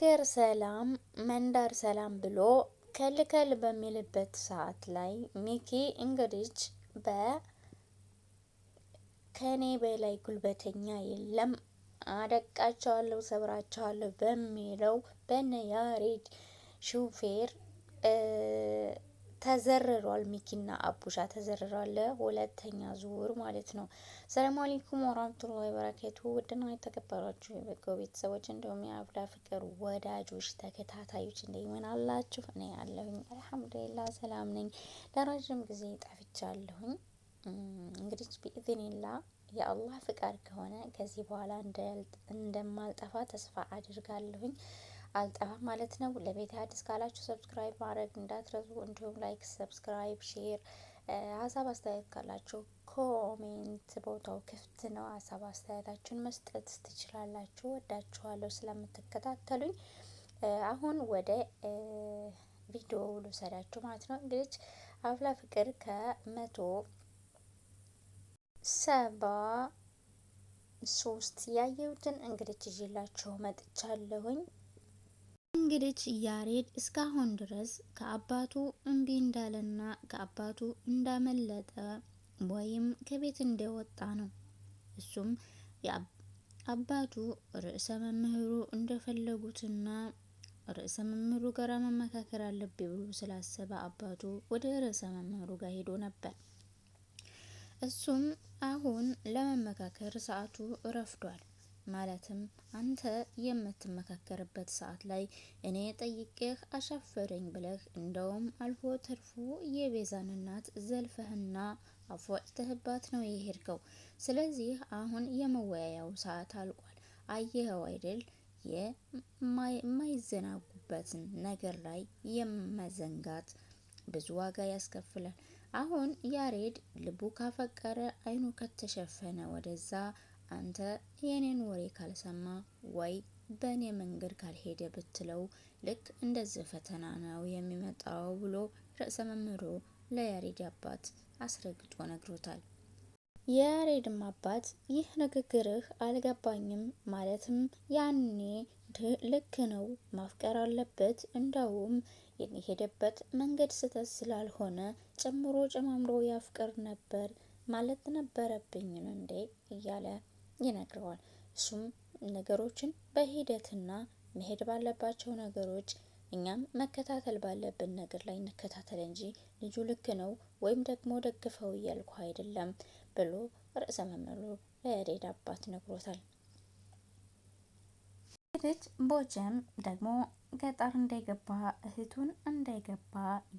ሀገር ሰላም መንደር ሰላም ብሎ ከልከል በሚልበት ሰዓት ላይ ሚኪ እንግዲህ በ ከኔ በላይ ጉልበተኛ የለም አደቃቸዋለሁ፣ ሰብራቸዋለሁ በሚለው በነ ያሬድ ሹፌር ተዘርሯል። ሚኪና አቡሻ ተዘርሯል። ሁለተኛ ዙር ማለት ነው። ሰላም አለይኩም ወራህመቱላሂ ወበረካቱ። ውድና የተከበራችሁ የበጎ ቤተሰቦች እንዲሁም የአብዳ ፍቅር ወዳጆች ተከታታዮች እንደምን አላችሁ? እኔ ያለሁኝ አልሐምዱሊላህ ሰላም ነኝ። ለረዥም ጊዜ ጠፍቻለሁኝ። እንግዲህ ቢኢዝኒላ የአላህ ፍቃድ ከሆነ ከዚህ በኋላ እንደማልጠፋ ተስፋ አድርጋለሁኝ። አልጠፋም ማለት ነው። ለቤት አዲስ ካላችሁ ሰብስክራይብ ማድረግ እንዳትረሱ፣ እንዲሁም ላይክ፣ ሰብስክራይብ፣ ሼር ሀሳብ አስተያየት ካላችሁ ኮሜንት ቦታው ክፍት ነው። ሀሳብ አስተያየታችሁን መስጠት ትችላላችሁ። ወዳችኋለሁ ስለምትከታተሉኝ። አሁን ወደ ቪዲዮ ልውሰዳችሁ ማለት ነው። እንግዲህ አፍላ ፍቅር ከመቶ ሰባ ሶስት ያየሁትን እንግዲህ ይዤላችሁ መጥቻለሁኝ። እንግዲህ ያሬድ እስካሁን ድረስ ከአባቱ እምቢ እንዳለና ከአባቱ እንዳመለጠ ወይም ከቤት እንደወጣ ነው። እሱም አባቱ ርዕሰ መምህሩ እንደፈለጉትና ርዕሰ መምህሩ ጋር መመካከር አለብኝ ብሎ ስላሰበ አባቱ ወደ ርዕሰ መምህሩ ጋር ሄዶ ነበር። እሱም አሁን ለመመካከር ሰዓቱ ረፍዷል። ማለትም አንተ የምትመካከርበት ሰዓት ላይ እኔ ጠይቄህ አሻፈረኝ ብለህ እንደውም አልፎ ተርፎ የቤዛን እናት ዘልፈህና አፏጭተህባት ነው የሄድከው። ስለዚህ አሁን የመወያያው ሰዓት አልቋል። አየኸው አይደል? የማይዘናጉበትን ነገር ላይ የመዘንጋት ብዙ ዋጋ ያስከፍላል። አሁን ያሬድ ልቡ ካፈቀረ አይኑ ከተሸፈነ ወደዛ አንተ የኔን ወሬ ካልሰማ ወይ በእኔ መንገድ ካልሄደ ብትለው ልክ እንደዚህ ፈተና ነው የሚመጣው ብሎ ርዕሰ መምህሩ ለያሬድ አባት አስረግጦ ነግሮታል። የያሬድም አባት ይህ ንግግርህ አልገባኝም፣ ማለትም ያኔ ልክ ነው ማፍቀር አለበት እንደውም የሚሄደበት መንገድ ስህተት ስላልሆነ ጨምሮ ጨማምሮ ያፍቅር ነበር ማለት ነበረብኝን እንዴ እያለ ይነግረዋል። እሱም ነገሮችን በሂደትና መሄድ ባለባቸው ነገሮች እኛም መከታተል ባለብን ነገር ላይ እንከታተል እንጂ ልጁ ልክ ነው ወይም ደግሞ ደግፈው እያልኩ አይደለም ብሎ ርዕሰ መምህሩ ለያሬድ አባት ነግሮታል። ያሬድ ቦጀም ደግሞ ገጠር እንዳይገባ እህቱን እንዳይገባ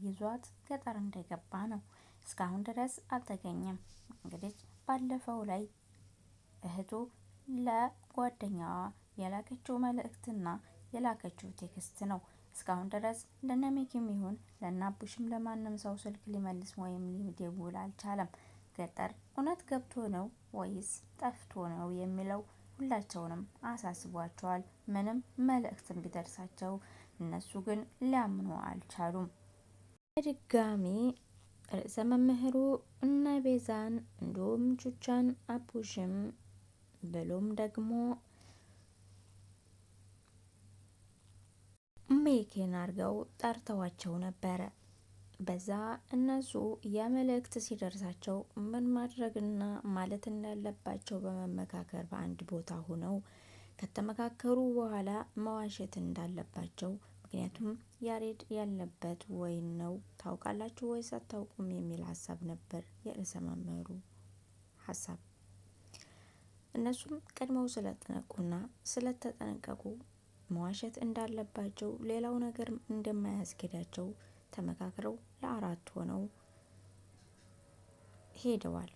ይዟት ገጠር እንደገባ ነው። እስካሁን ድረስ አልተገኘም። እንግዲህ ባለፈው ላይ እህቱ ለጓደኛዋ የላከችው መልእክትና የላከችው ቴክስት ነው። እስካሁን ድረስ ለነሚኪም ይሁን ለናቡሽም ለማንም ሰው ስልክ ሊመልስ ወይም ሊደውል አልቻለም። ገጠር እውነት ገብቶ ነው ወይስ ጠፍቶ ነው የሚለው ሁላቸውንም አሳስቧቸዋል። ምንም መልእክትም ቢደርሳቸው እነሱ ግን ሊያምኑ አልቻሉም። በድጋሚ ርዕሰ መምህሩ እነ ቤዛን እንዲሁም ቹቻን አቡሽም ብሎም ደግሞ ሜኬን አድርገው ጠርተዋቸው ነበረ። በዛ እነሱ የመልእክት ሲደርሳቸው ምን ማድረግና ማለት እንዳለባቸው በመመካከር በአንድ ቦታ ሆነው ከተመካከሩ በኋላ መዋሸት እንዳለባቸው ምክንያቱም ያሬድ ያለበት ወይን ነው ታውቃላችሁ ወይስ አታውቁም የሚል ሀሳብ ነበር የርዕሰ መምህሩ ሀሳብ። እነሱም ቀድመው ስለጠነቁና ስለተጠነቀቁ መዋሸት እንዳለባቸው ሌላው ነገር እንደማያስኬዳቸው ተመካክረው ለአራት ሆነው ሄደዋል።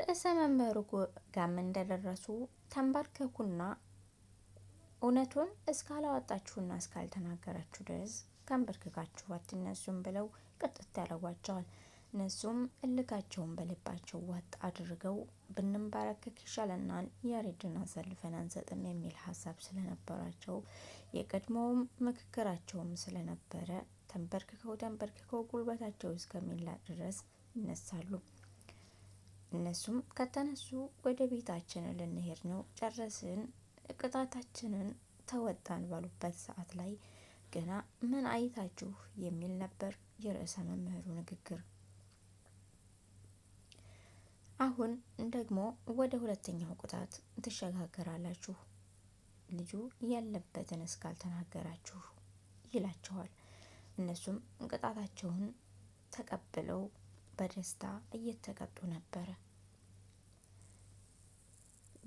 ርዕሰ መምህሩ ጋም እንደደረሱ ተንበርከኩና እውነቱን እስካላወጣችሁና እስካልተናገራችሁ ድረስ ተንበርክካችሁ አትነሱም ብለው ቅጥት ያደረጓቸዋል። እነሱም እልካቸውን በልባቸው ዋጥ አድርገው ብንንበረከክ ይሻለናል፣ ያሬድን አሳልፈን አንሰጥም የሚል ሀሳብ ስለነበራቸው የቀድሞውም ምክክራቸውም ስለነበረ ተንበርክከው ተንበርክከው ጉልበታቸው እስከሚላ ድረስ ይነሳሉ። እነሱም ከተነሱ ወደ ቤታችን ልንሄድ ነው፣ ጨረስን፣ እቅጣታችንን ተወጣን ባሉበት ሰዓት ላይ ገና ምን አይታችሁ የሚል ነበር የርዕሰ መምህሩ ንግግር። አሁን ደግሞ ወደ ሁለተኛው ቁጣት ትሸጋገራላችሁ። ልጁ ያለበትን እስካልተናገራችሁ ይላችኋል እነሱም ቅጣታቸውን ተቀብለው በደስታ እየተቀጡ ነበረ።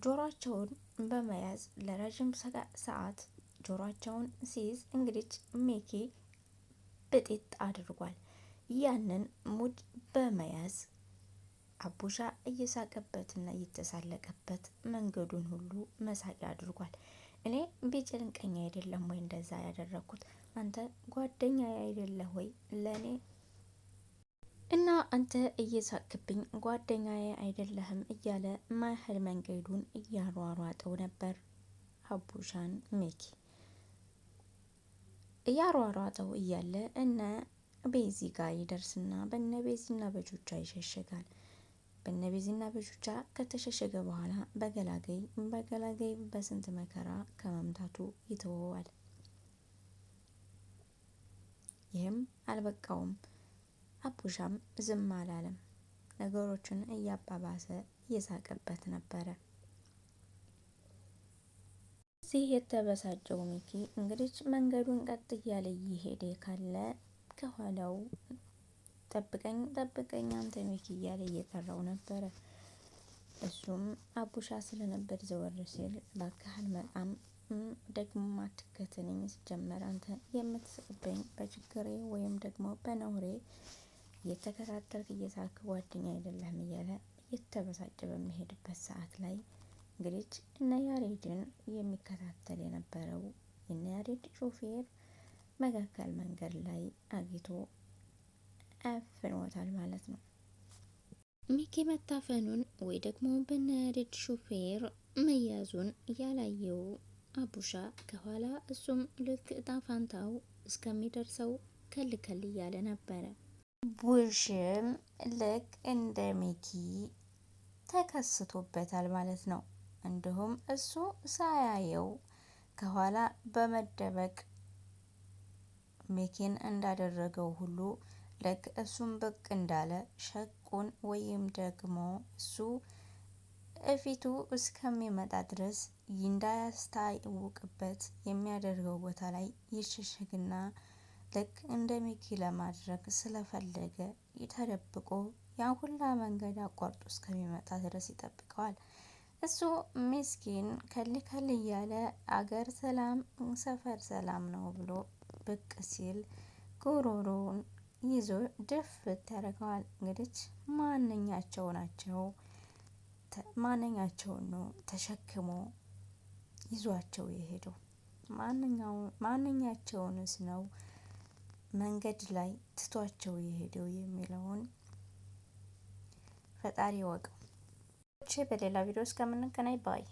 ጆሮአቸውን በመያዝ ለረዥም ሰዓት ጆሮአቸውን ሲይዝ እንግዲህ ሜኪ ብጤት አድርጓል። ያንን ሙድ በመያዝ አቦሻ እየሳቀበትና እየተሳለቀበት መንገዱን ሁሉ መሳቂያ አድርጓል። እኔ ቢጨንቀኝ አይደለም ወይ እንደዛ ያደረግኩት? አንተ ጓደኛ አይደለህ ወይ ለእኔ እና አንተ እየሳቅብኝ ጓደኛዬ አይደለህም እያለ ማህል መንገዱን እያሯሯጠው ነበር። አቡሻን ሜኪ እያሯሯጠው እያለ እነ ቤዚ ጋር ይደርስና በነ ቤዚና በጆቿ ይሸሸጋል። በነቤዝና በሹቻ ከተሸሸገ በኋላ በገላገይ በገላገይ በስንት መከራ ከመምታቱ ይተወዋል። ይህም አልበቃውም። አቡሻም ዝም አላለም። ነገሮችን እያባባሰ እየሳቀበት ነበረ። እዚህ የተበሳጨው ሚኪ እንግዲህ መንገዱን ቀጥ እያለ እየሄደ ካለ ከኋላው ጠብቀኝ ጠብቀኝ አንተ ሚኪ እያለ እየጠራው ነበረ። እሱም አቡሻ ስለነበር ዘወር ሲል እባክህ አልመጣም፣ ደግሞ አትከተለኝ፣ ሲጀመር አንተ የምትስቅብኝ በችግሬ ወይም ደግሞ በነውሬ እየተከታተልክ እየሳክ ጓደኛ አይደለም እያለ እየተበሳጨ በሚሄድበት ሰዓት ላይ እንግዲህ እነ ያሬድን የሚከታተል የነበረው እነ ያሬድ ሾፌር መካከል መንገድ ላይ አግኝቶ አፍኖታል ማለት ነው። ሚኪ መታፈኑን ወይ ደግሞ በነድድ ሹፌር መያዙን ያላየው አቡሻ ከኋላ እሱም ልክ እጣ ፋንታው እስከሚደርሰው ከል ከል እያለ ነበረ። ቡሽም ልክ እንደ ሚኪ ተከስቶበታል ማለት ነው። እንዲሁም እሱ ሳያየው ከኋላ በመደበቅ ሚኪን እንዳደረገው ሁሉ ሲያሳድግ እሱም ብቅ እንዳለ ሸቁን ወይም ደግሞ እሱ እፊቱ እስከሚመጣ ድረስ እንዳያስታውቅበት የሚያደርገው ቦታ ላይ ይሸሸግና ልክ እንደ ሚኪ ለማድረግ ስለፈለገ ተደብቆ ያ ሁላ መንገድ አቋርጦ እስከሚመጣ ድረስ ይጠብቀዋል። እሱ ምስኪን ከልከል እያለ አገር ሰላም፣ ሰፈር ሰላም ነው ብሎ ብቅ ሲል ጉሮሮውን ይዞ ድፍት ያደርገዋል። እንግዲህ ማንኛቸው ናቸው ማንኛቸውን ነው ተሸክሞ ይዟቸው የሄደው? ማንኛቸውንስ ነው መንገድ ላይ ትቷቸው የሄደው የሚለውን ፈጣሪ ወቀው። በሌላ ቪዲዮ እስከምንገናኝ ባይ